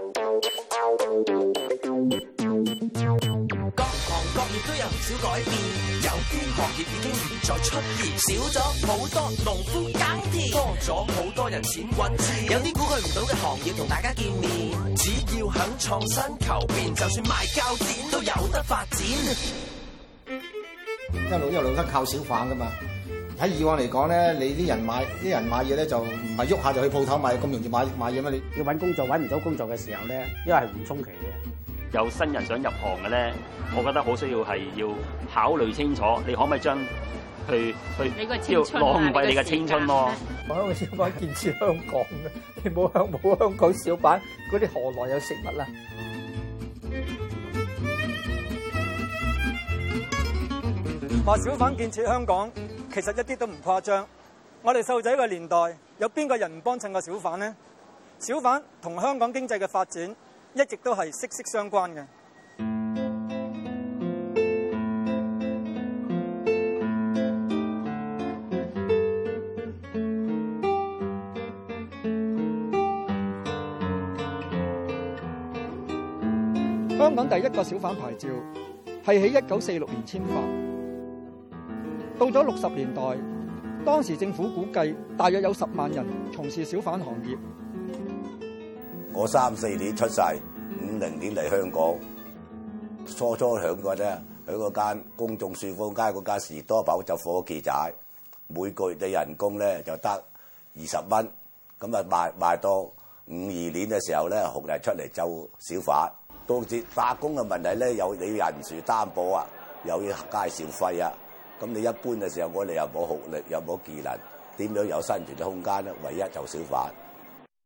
各行各業都有唔少改變，有啲行業已經唔再出現，少咗好多農夫耕田，多咗好多人錢滾錢。有啲估計唔到嘅行業同大家見面，只要肯創新求變，就算賣膠剪都有得發展。一路一路都靠小販噶嘛。喺以往嚟講咧，你啲人買啲人買嘢咧，就唔係喐下就去鋪頭買咁容易買買嘢咩？你要揾工作，揾唔到工作嘅時候咧，因為係緩衝期嘅。有新人想入行嘅咧，我覺得好需要係要考慮清楚，你可唔可以將去去要浪費你嘅青春咯、啊？話、啊、小販建設香港嘅， 你冇冇香，香港小販嗰啲何來有食物啊？話小販建設香港。其實一啲都唔誇張，我哋細路仔個年代，有邊個人唔幫襯個小販呢？小販同香港經濟嘅發展一直都係息息相關嘅。香港第一個小販牌照係喺一九四六年簽發。到咗六十年代，當時政府估計大約有十萬人從事小販行業。我三四年出世，五零年嚟香港，初初響個咧響個間公眾樹坊街嗰間士多寶就伙記仔，每個月嘅人工咧就得二十蚊。咁啊賣賣到五二年嘅時候咧，紅利出嚟做小販。當時打工嘅問題咧，有你人事擔保啊，又要介紹費啊。咁你一般嘅時候有有，我哋又冇學歷、又冇技能，點樣有生存嘅空間咧？唯一就小販。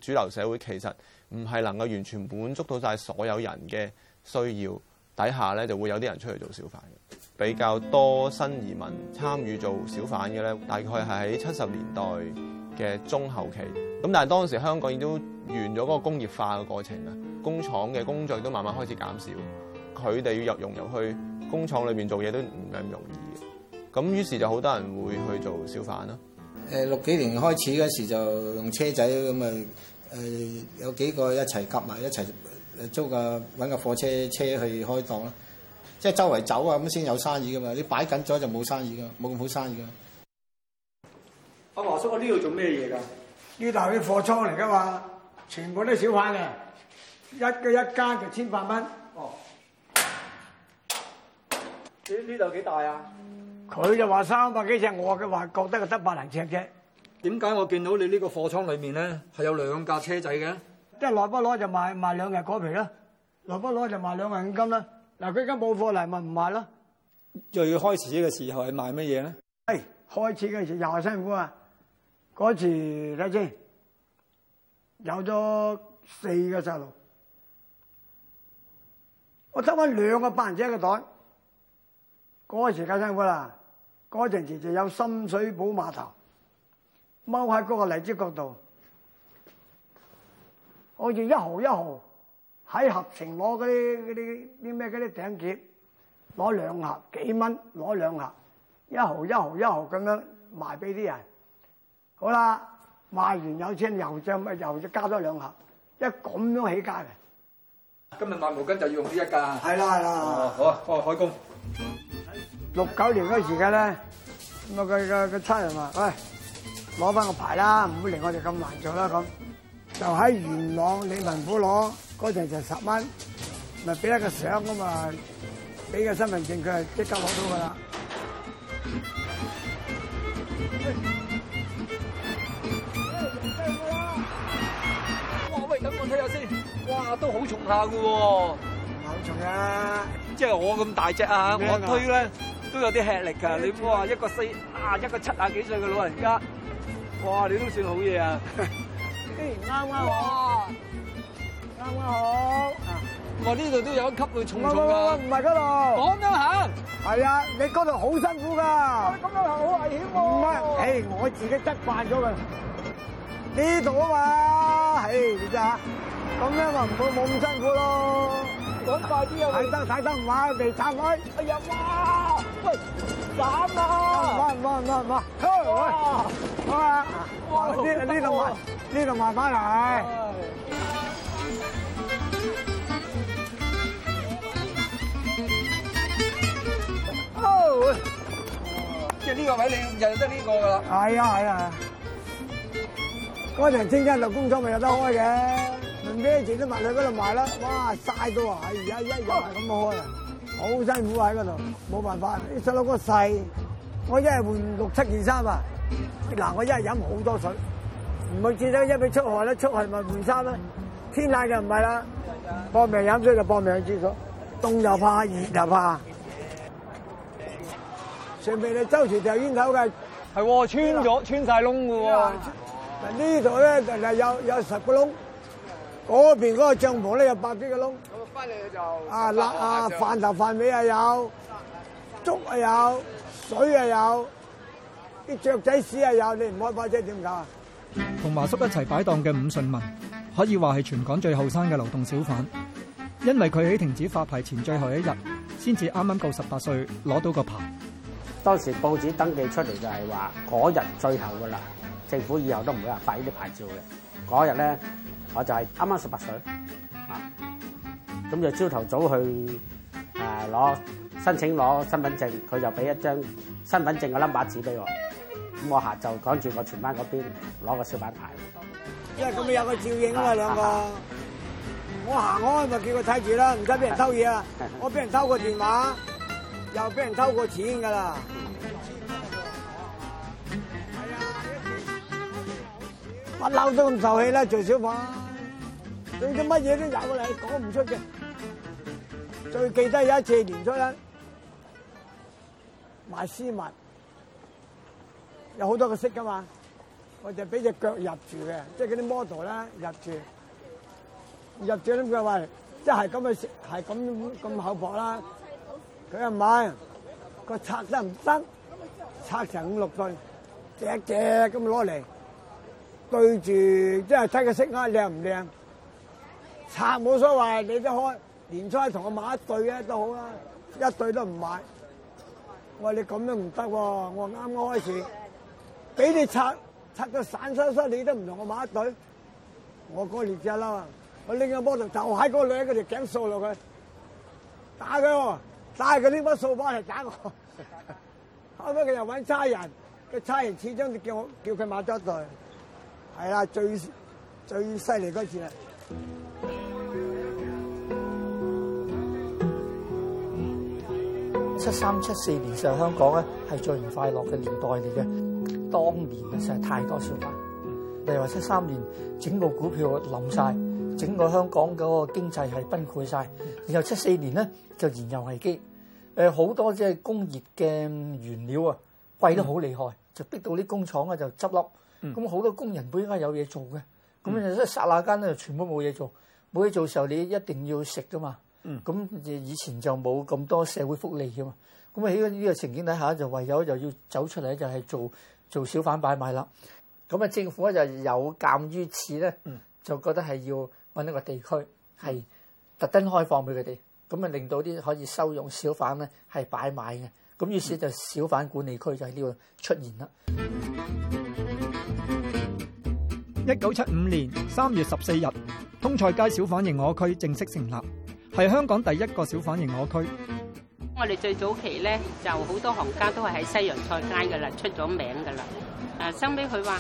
主流社會其實唔係能夠完全滿足到晒所有人嘅需要，底下咧就會有啲人出嚟做小販嘅。比較多新移民參與做小販嘅咧，大概係喺七十年代嘅中後期。咁但係當時香港亦都完咗嗰個工業化嘅過程啊，工廠嘅工作都慢慢開始減少，佢哋要入融入去工廠裏面做嘢都唔係咁容易。咁於是就好多人會去做小販咯、啊呃。六幾年開始嗰時就用車仔咁啊，有幾個一齊夾埋一齊租個搵個貨車車去開檔啦。即係周圍走啊，咁先有生意噶嘛。你擺緊咗就冇生意噶，冇咁好生意噶。阿、啊、華叔，我呢度做咩嘢㗎？呢度係啲貨倉嚟噶嘛，全部都係小販嘅，一個一間就千八蚊。哦。呢度幾大啊？佢就話三百幾尺，我嘅話覺得佢得百零尺啫。點解我見到你呢個貨倉裏面咧？係有兩架車仔嘅？即係攞唔攞就賣賣兩日果皮啦，攞唔攞就賣兩銀金啦。嗱，佢而家冇貨嚟咪唔賣啦。最開始嘅時候係賣乜嘢呢？係開始嘅時候又係辛苦呀。嗰時睇先，有咗四個細路，我得返兩個百零隻嘅袋。嗰時夠辛苦啦！嗰陣時就有深水埗碼頭，踎喺嗰個荔枝角度，我哋一毫一毫喺合情攞嗰啲啲啲咩嗰啲頂結，攞兩盒幾蚊，攞兩盒一毫一毫一毫咁樣賣俾啲人。好啦，賣完有錢又再咪又再加多兩盒，一咁樣起價嘅。今日賣毛巾就要用呢一架。係啦，係啦，好啊，我開工。六九年嗰個時間咧，咁啊個個個差人話，喂，攞翻個牌啦，唔好令我哋咁難做啦。咁就喺元朗理民府攞嗰陣就十蚊，咪俾一個相吖嘛，俾個身份證佢係即刻攞到噶啦。喂，有哇，喂，等我睇下先。哇，都好重下噶喎。唔係好重呀，即係我咁大隻啊？我推咧。都有啲吃力㗎，你哇一個四啊一個七啊幾歲嘅老人家，哇你都算、欸、好嘢啊！啱啱啱啱好。我呢度都有一級嘅重重唔係喇！度。咁樣行，係啊，你嗰度好辛苦㗎。咁樣行好危險喎，啊。唔係，我自己執慣咗㗎。呢度啊嘛，唉，你咋？咁樣話唔會冇咁辛苦咯。趕快啲又睇得睇得，買地產開。哎呀哇！喂，慘啊！翻翻翻翻，開開開，呢呢度買，呢度慢慢嚟。哦，即係呢個位你又得呢個噶啦。係啊係啊，嗰陣青春度工作咪有得開嘅。咩嘢整都賣喺嗰度賣啦！哇，晒到啊！而家一樣係咁開啊，好辛苦喺嗰度，冇辦法。啲細佬哥細，我一日換六七件衫啊！嗱，我一日飲好多水，唔去廁所一味出汗咧，出汗咪換衫啦。天冷就唔係啦，搏命飲水就搏命去廁所。凍又怕，熱又怕。上面你周旋掉煙頭嘅，係穿咗穿晒窿嘅喎。嗱呢度咧就係有有十個窿。嗰邊嗰個帳篷咧有百幾個窿，咁翻嚟就啊辣啊飯頭飯尾啊有，粥啊有，嗯、水啊有，啲雀仔屎啊有，你唔開巴士點搞啊？同麻叔一齊擺檔嘅伍信文，可以話係全港最後生嘅流動小販，因為佢喺停止發牌前最後一日，先至啱啱夠十八歲攞到個牌。當時報紙登記出嚟就係話嗰日最後㗎喇，政府以後都唔會話發呢啲牌照嘅。嗰日咧。我就係啱啱十八歲，啊，咁就朝頭早去誒攞申請攞身份證，佢就俾一張身份證嘅冧巴紙俾我，咁、啊、我下晝趕住我全班嗰邊攞個小販牌，因為咁咪有個照應啊，啊兩個，啊、哈哈我行開咪叫佢睇住啦，唔使俾人偷嘢啊，啊，我俾人偷過電話， 又俾人偷過錢㗎啦，不、啊、嬲、啊哎、都咁受氣啦做小販、啊。佢啲乜嘢都有啦，講唔出嘅。最記得有一次連珠人賣絲襪，有好多個色噶嘛，我哋俾隻腳入住嘅，即係嗰啲 model 啦入住，入住咧佢話，即係咁嘅色，係咁咁厚薄啦。佢又買個拆得唔得？拆成五六對，隻隻咁攞嚟對住，即係睇個色啊，靚唔靚？拆冇所謂，你都開年初同我買一對咧都好啦，一對都唔買。我話你咁樣唔得喎，我啱啱開始俾你拆，拆到散失失，你都唔同我買一對。我個年個獵啦，我拎緊波頭就喺嗰女人條頸掃落佢，打佢喎，打佢呢把掃把係打我。呵呵後尾佢又搵差人，個差人始終叫我叫佢買咗一對。係啦，最最犀利嗰次啦。七三七四年就係香港咧，係最唔快樂嘅年代嚟嘅。當年啊，實在太多小販。例如話七三年，整個股票冧晒，整個香港嗰個經濟係崩潰晒。然後七四年咧就燃油危機，誒好多即係工業嘅原料啊貴得好厲害，嗯、就逼到啲工廠啊就執笠。咁、嗯、好多工人本應該有嘢做嘅，咁啊一剎那間咧就間全部冇嘢做。冇嘢做時候，你一定要食㗎嘛。咁、嗯、以前就冇咁多社會福利嘅嘛，咁啊喺呢個情景底下就唯有就要走出嚟就係做做小販擺賣啦。咁啊，政府咧就有鑑於此咧，就覺得係要揾一個地區係特登開放俾佢哋，咁啊令到啲可以收容小販咧係擺賣嘅。咁於是就小販管理區就喺呢度出現啦。一九七五年三月十四日，通菜街小販認可區正式成立。係香港第一個小販認可區。我哋最早期咧，就好多行家都係喺西洋菜街噶啦，出咗名噶啦。啊，收尾佢話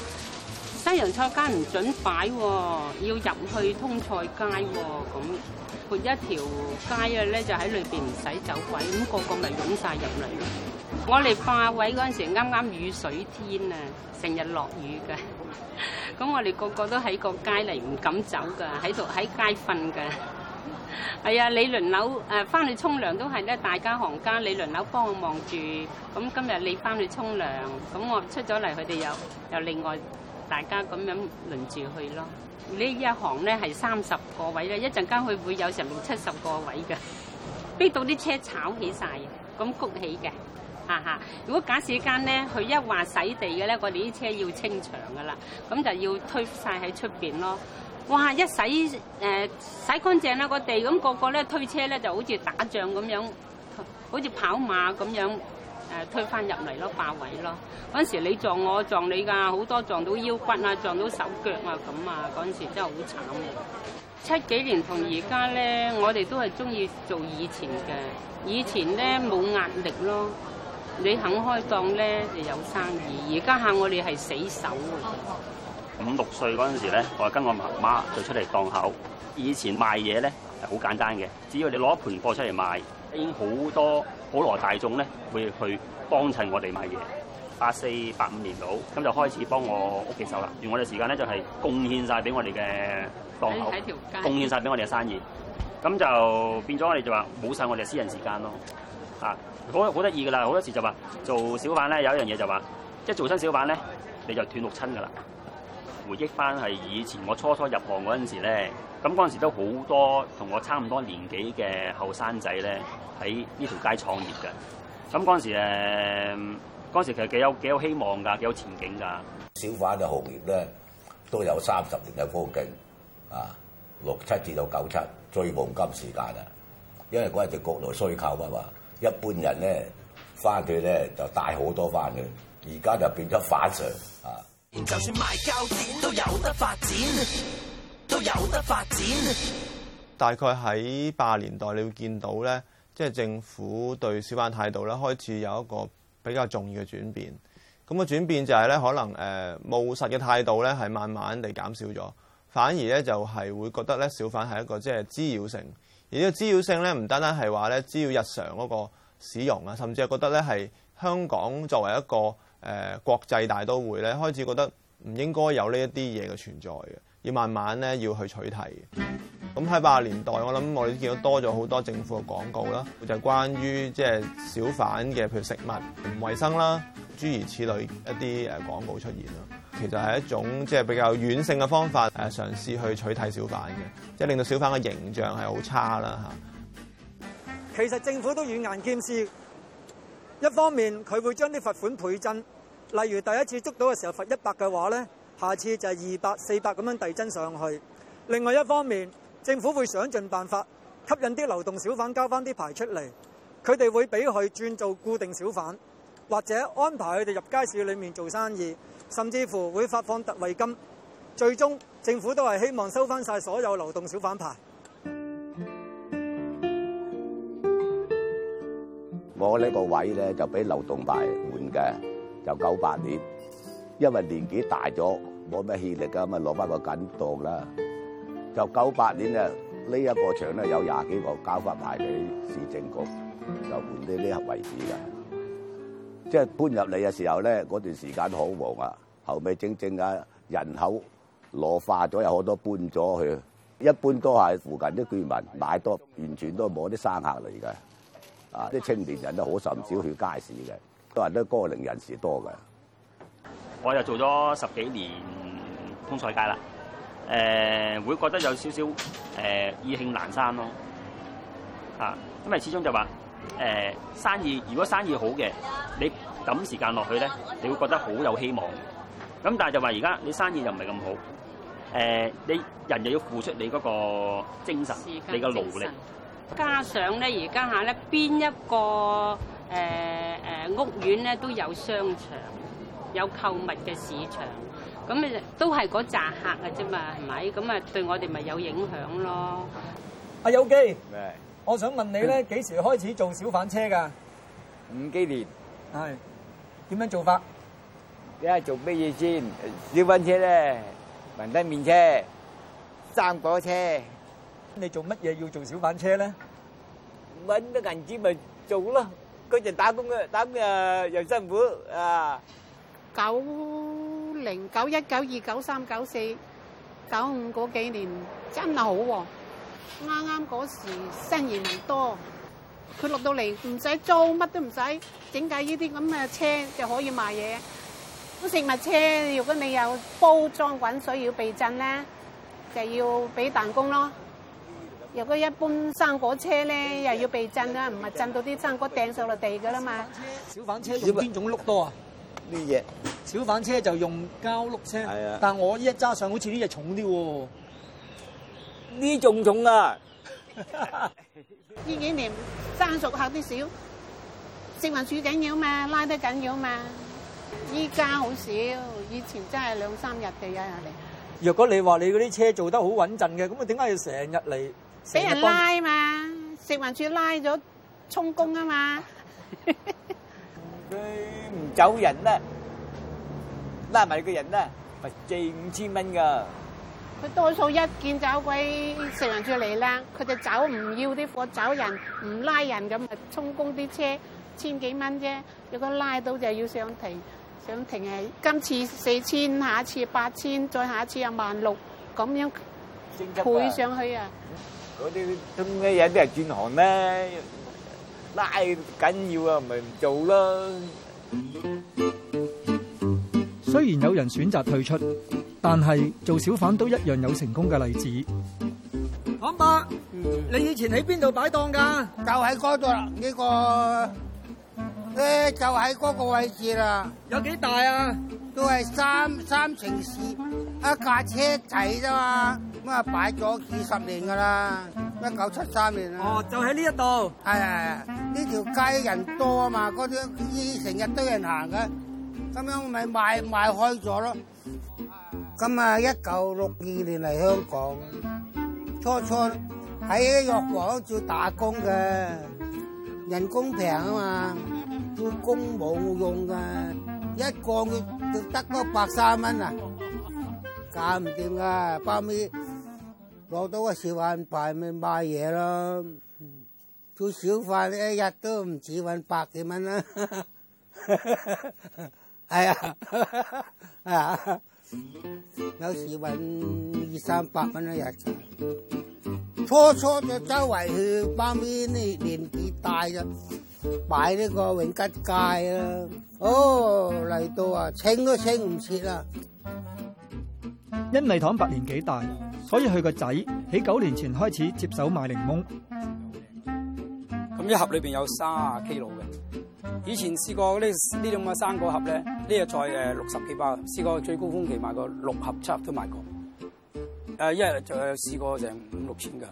西洋菜街唔準擺喎，要入去通菜街喎。咁撥一條街啊咧，就喺裏邊唔使走鬼，咁個個咪湧曬入嚟。我哋霸位嗰陣時，啱啱雨水天啊，成日落雨嘅。咁我哋個個都喺個街嚟，唔敢走噶，喺度喺街瞓噶。係啊，你輪流誒翻去沖涼都係咧，大家行家，你輪流幫我望住。咁今日你翻去沖涼，咁我出咗嚟，佢哋又又另外大家咁樣輪住去咯。呢一行咧係三十個位咧，一陣間佢會有成六七十個位噶，逼到啲車炒起晒，咁谷起嘅，哈哈。如果假使間咧，佢一話洗地嘅咧，我哋啲車要清場噶啦，咁就要推晒喺出邊咯。哇！一洗誒、呃、洗乾淨啦、啊、個地，咁、那個個咧推車咧就好似打仗咁樣，好似跑馬咁樣誒、呃、推返入嚟咯，霸位咯。嗰陣時你撞我撞你㗎，好多撞到腰骨啊，撞到手腳啊咁啊！嗰陣時真係好慘嘅。七幾年同而家咧，我哋都係鍾意做以前嘅，以前咧冇壓力咯。你肯開檔咧就有生意。而家下我哋係死守嘅。五六歲嗰陣時咧，我係跟我媽媽就出嚟檔口。以前賣嘢咧係好簡單嘅，只要你攞盤貨出嚟賣，已經好多普羅大眾咧會去幫襯我哋買嘢。八四八五年度，咁就開始幫我屋企手啦，用我哋時間咧就係貢獻晒俾我哋嘅檔口，貢獻晒俾我哋嘅生意。咁就變咗我哋就話冇晒我哋私人時間咯。啊，好好得意噶啦！好多時就話做小販咧有一樣嘢就話，一做親小販咧你就斷六親噶啦。回憶翻係以前我初初入行嗰陣時咧，咁嗰陣時都好多同我差唔多年紀嘅後生仔咧喺呢條街創業嘅。咁嗰陣時誒，嗰陣時其實幾有幾有希望㗎，幾有前景㗎。小販嘅行業咧都有三十年嘅光景啊，六七至到九七最黃金時代啦。因為嗰陣就國內需求啊嘛，一般人咧翻去咧就帶好多翻去，而家就變咗反常啊。就算賣膠片都有得發展，都有得發展。大概喺八十年代，你會見到呢，即係政府對小販態度呢，開始有一個比較重要嘅轉變。咁個轉變就係呢，可能誒務實嘅態度呢，係慢慢地減少咗，反而呢，就係會覺得呢，小販係一個即係滋擾性。而呢個滋擾性呢，唔單單係話呢，滋擾日常嗰個使用啊，甚至係覺得呢，係香港作為一個。誒國際大都會咧，開始覺得唔應該有呢一啲嘢嘅存在嘅，要慢慢咧要去取締嘅。咁喺八十年代，我諗我哋見到多咗好多政府嘅廣告啦，就係、是、關於即係小販嘅，譬如食物唔衛生啦，諸如此類一啲誒廣告出現啦。其實係一種即係比較軟性嘅方法，係嘗試去取締小販嘅，即、就、係、是、令到小販嘅形象係好差啦嚇。其實政府都軟硬兼施，一方面佢會將啲罰款倍增。例如第一次捉到嘅時候罰一百嘅話咧，下次就係二百、四百咁樣遞增上去。另外一方面，政府會想盡辦法吸引啲流動小販交翻啲牌出嚟，佢哋會俾佢轉做固定小販，或者安排佢哋入街市裏面做生意，甚至乎會發放特惠金。最終政府都係希望收翻晒所有流動小販牌。我呢個位咧就俾流動牌換嘅。就九八年，因為年紀大咗，冇咩氣力啊，咁攞翻個緊檔啦。就九八年啊，呢、這、一個場咧有廿幾個交翻牌俾市政局，就換啲呢盒位置嘅。即係搬入嚟嘅時候咧，嗰段時間好忙啊。後尾整整啊，人口老化咗，有好多搬咗去。一般都係附近啲居民買多，完全都冇啲生客嚟嘅。啊，啲青年人都好甚少去街市嘅。都係得高齡人士多噶，我就做咗十幾年、嗯、通菜街啦，誒、呃、會覺得有少少誒意興闌珊咯，吓、啊，因為始終就話誒、呃、生意如果生意好嘅，你抌時間落去咧，你會覺得好有希望，咁但係就話而家你生意又唔係咁好，誒、呃、你人又要付出你嗰個精神，你嘅勞力，加上咧而家下咧邊一個？誒誒，屋苑咧都有商場，有購物嘅市場，咁啊都係嗰紮客嘅啫嘛，係咪？咁啊對我哋咪有影響咯。阿友基，我想問你咧，幾時開始做小販車噶？五幾年？係，點樣做法？你係做咩嘢先？小販車咧，民生麵車、生果車，你做乜嘢要做小販車咧？搵得銀紙咪做咯。嗰陣打工嘅打工啊又辛苦啊！九零九一九二九三九四九五嗰幾年真係好喎，啱啱嗰時生意唔多，佢落到嚟唔使租乜都唔使，整架呢啲咁嘅車就可以賣嘢。啲食物車如果你有包裝，滾水要避震咧，就要俾彈弓咯。若果一般生果車咧，又要避震啊，唔係震到啲生果掟上落地噶啦嘛。小販車用邊種碌多啊？呢嘢小販車就用膠碌車，但我依一揸上好似呢隻重啲喎、哦。呢種重啊！呢 幾年生熟客啲少，食環署緊要嘛，拉得緊要嘛。依家好少，以前真係兩三日地呀。人嚟。若果你話你嗰啲車做得好穩陣嘅，咁啊點解要成日嚟？俾人拉嘛，食環署拉咗充公啊嘛，佢唔走人啦，拉埋個人啦，咪四五千蚊噶。佢多數一見走鬼食環署嚟啦，佢就走唔要啲貨走人，唔拉人咁咪充公啲車，千幾蚊啫。如果拉到就要上庭，上庭啊，今次四千，下一次八千，再下一次啊萬六，咁樣倍上去啊。嗰啲咩嘢都係轉行咧，太緊要啊，咪唔做咯。雖然有人選擇退出，但係做小販都一樣有成功嘅例子。講吧，你以前喺邊度擺檔㗎？就喺嗰度啦，呢個誒就喺嗰個位置啦。有幾大啊？都係三三層市一架車仔啫嘛。咁啊，擺咗幾十年噶啦，一九七三年啊，哦，就喺呢一度，係啊，呢條街人多啊嘛，嗰啲依成日都人行嘅，咁樣咪賣賣開咗咯。咁啊，一九六二年嚟香港，初初喺藥房做打工嘅，人工平啊嘛，做工冇用噶，一個月就得嗰百三蚊啊，搞唔掂啊，包尾。攞到個小販牌咪賣嘢咯，做小販一日都唔止揾百幾蚊啦，係 啊、 哎呀，啊、 哎，有時揾二三百蚊一日。初初就周圍去，班邊啲年紀大就擺呢個永吉街啊。哦嚟到啊，清都清唔切啦。因為坦白年紀大。所以佢個仔喺九年前開始接手賣檸檬。咁一盒裏邊有三啊 K 老嘅。以前試過呢呢種嘅生果盒咧，呢個再誒六十幾包，試過最高峰期賣過六盒七盒都賣過。誒，一日就試過成五六千噶。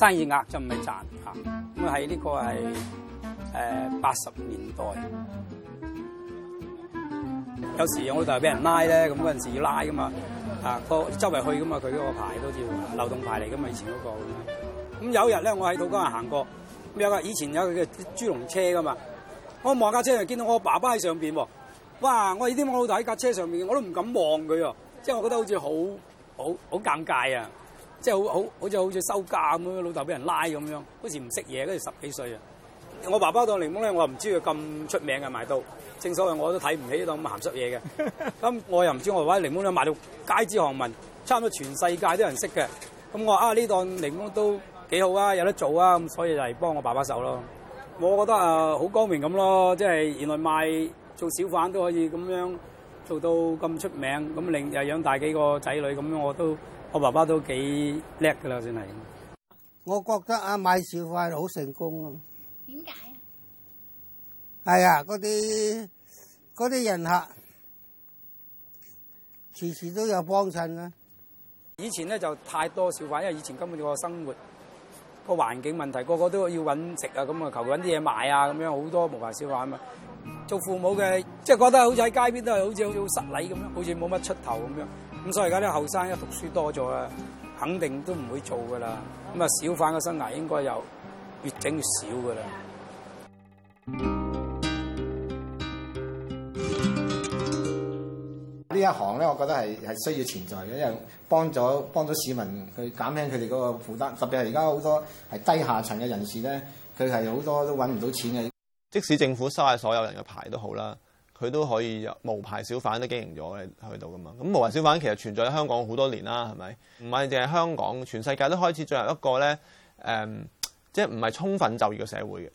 生意額就唔係賺吓。咁喺呢個係誒八十年代，有時我老豆俾人拉咧，咁嗰陣時要拉噶嘛。啊，個周圍去噶嘛，佢嗰個牌都似流動牌嚟噶嘛，以前嗰、那個咁。咁有一日咧，我喺土瓜灣行過，咁有個以前有佢嘅豬，豬籠車噶嘛，我望架車就見到我爸爸喺上邊喎。哇！我呢啲我老豆喺架車上邊，我都唔敢望佢喎，即、就、係、是、我覺得好似好好好尷尬啊！即係好好好似好似收監咁，老豆俾人拉咁樣，嗰時唔識嘢，嗰時十幾歲啊。我爸爸當檸檬咧，我又唔知佢咁出名嘅賣到。正所謂我都睇唔起呢檔咁鹹濕嘢嘅。咁我又唔知我爸爸檸檬咧賣到街知巷聞，差唔多全世界都有人識嘅。咁我啊呢檔檸檬都幾好啊，有得做啊，咁所以就嚟幫我爸爸手咯。我覺得啊，好光明咁咯，即係原來賣做小販都可以咁樣做到咁出名，咁另又養大幾個仔女，咁我都我爸爸都幾叻㗎啦，算係。我覺得啊，賣小販好成功啊！點解啊？係啊，嗰啲啲人客，次次都有幫襯啊！以前咧就太多小販，因為以前根本個生活個環境問題，個個都要搵食啊，咁啊求其啲嘢賣啊，咁樣好多無牌小販啊嘛。做父母嘅即係覺得好似喺街邊都係好似好似好失禮咁樣，好似冇乜出頭咁樣。咁所以而家啲後生一讀書多咗啊，肯定都唔會做噶啦。咁啊，小販嘅生涯應該有。越整越少㗎喇！呢一行咧，我覺得係係需要存在嘅，因為幫咗幫咗市民去減輕佢哋嗰個負擔。特別係而家好多係低下層嘅人士咧，佢係好多都揾唔到錢嘅。即使政府收下所有人嘅牌都好啦，佢都可以有無牌小販都經營咗去去到㗎嘛。咁無牌小販其實存在喺香港好多年啦，係咪？唔係，淨係香港，全世界都開始進入一個咧誒。嗯即係唔係充分就業嘅社會嘅，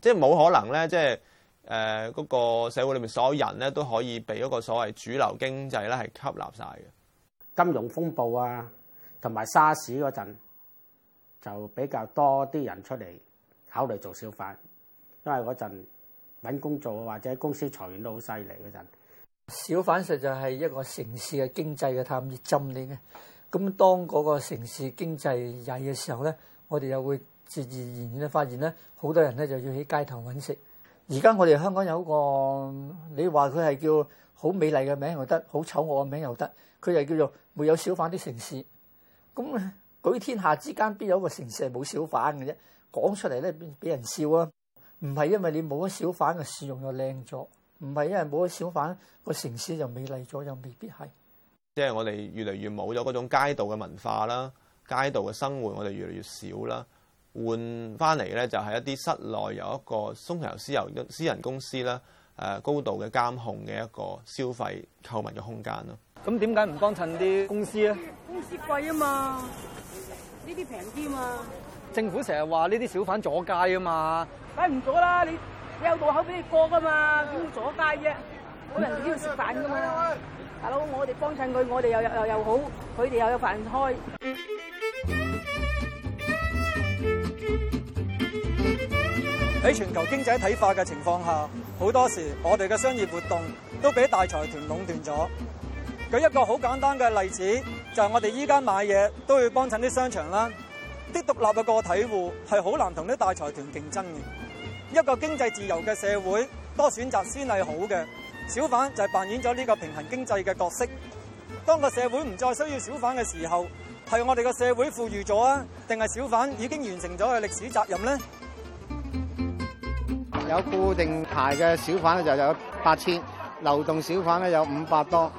即係冇可能咧。即係誒嗰個社會裏面所有人咧都可以被一個所謂主流經濟咧係吸納晒嘅。金融風暴啊，同埋沙士嗰陣就比較多啲人出嚟考慮做小販，因為嗰陣揾工做或者公司裁員都好犀利嗰陣。小販實就係一個城市嘅經濟嘅探熱針嚟嘅。咁當嗰個城市經濟曳嘅時候咧，我哋又會自自然然嘅發現咧，好多人咧就要喺街頭揾食。而家我哋香港有個，你話佢係叫好美麗嘅名又得醜名，好醜惡嘅名又得。佢就叫做沒有小販啲城市。咁舉天下之間，邊有一個城市係冇小販嘅啫？講出嚟咧，俾人笑啊！唔係因為你冇咗小販嘅市容又靚咗，唔係因為冇咗小販個城市就美麗咗，又未必係。即係我哋越嚟越冇咗嗰種街道嘅文化啦，街道嘅生活我哋越嚟越少啦。換翻嚟咧就係一啲室內有一個松油私油私人公司啦，誒高度嘅監控嘅一個消費購物嘅空間咯。咁點解唔幫襯啲公司咧？公司貴啊嘛，呢啲平啲嘛。政府成日話呢啲小販阻街啊嘛。梗唔阻啦你，你有路口俾你過噶嘛，點會阻街啫？冇、嗯、人要食飯噶嘛。大佬，我哋幫襯佢，我哋又又又好，佢哋又有飯開。喺全球經濟體化嘅情況下，好多時我哋嘅商業活動都俾大財團壟斷咗。舉一個好簡單嘅例子，就係我哋依家買嘢都要幫襯啲商場啦，啲獨立嘅個體戶係好難同啲大財團競爭嘅。一個經濟自由嘅社會多選擇先係好嘅。小販就係扮演咗呢個平衡經濟嘅角色。當個社會唔再需要小販嘅時候，係我哋嘅社會富裕咗啊，定係小販已經完成咗嘅歷史責任咧？有固定牌嘅小販咧就有八千，流動小販咧有五百多。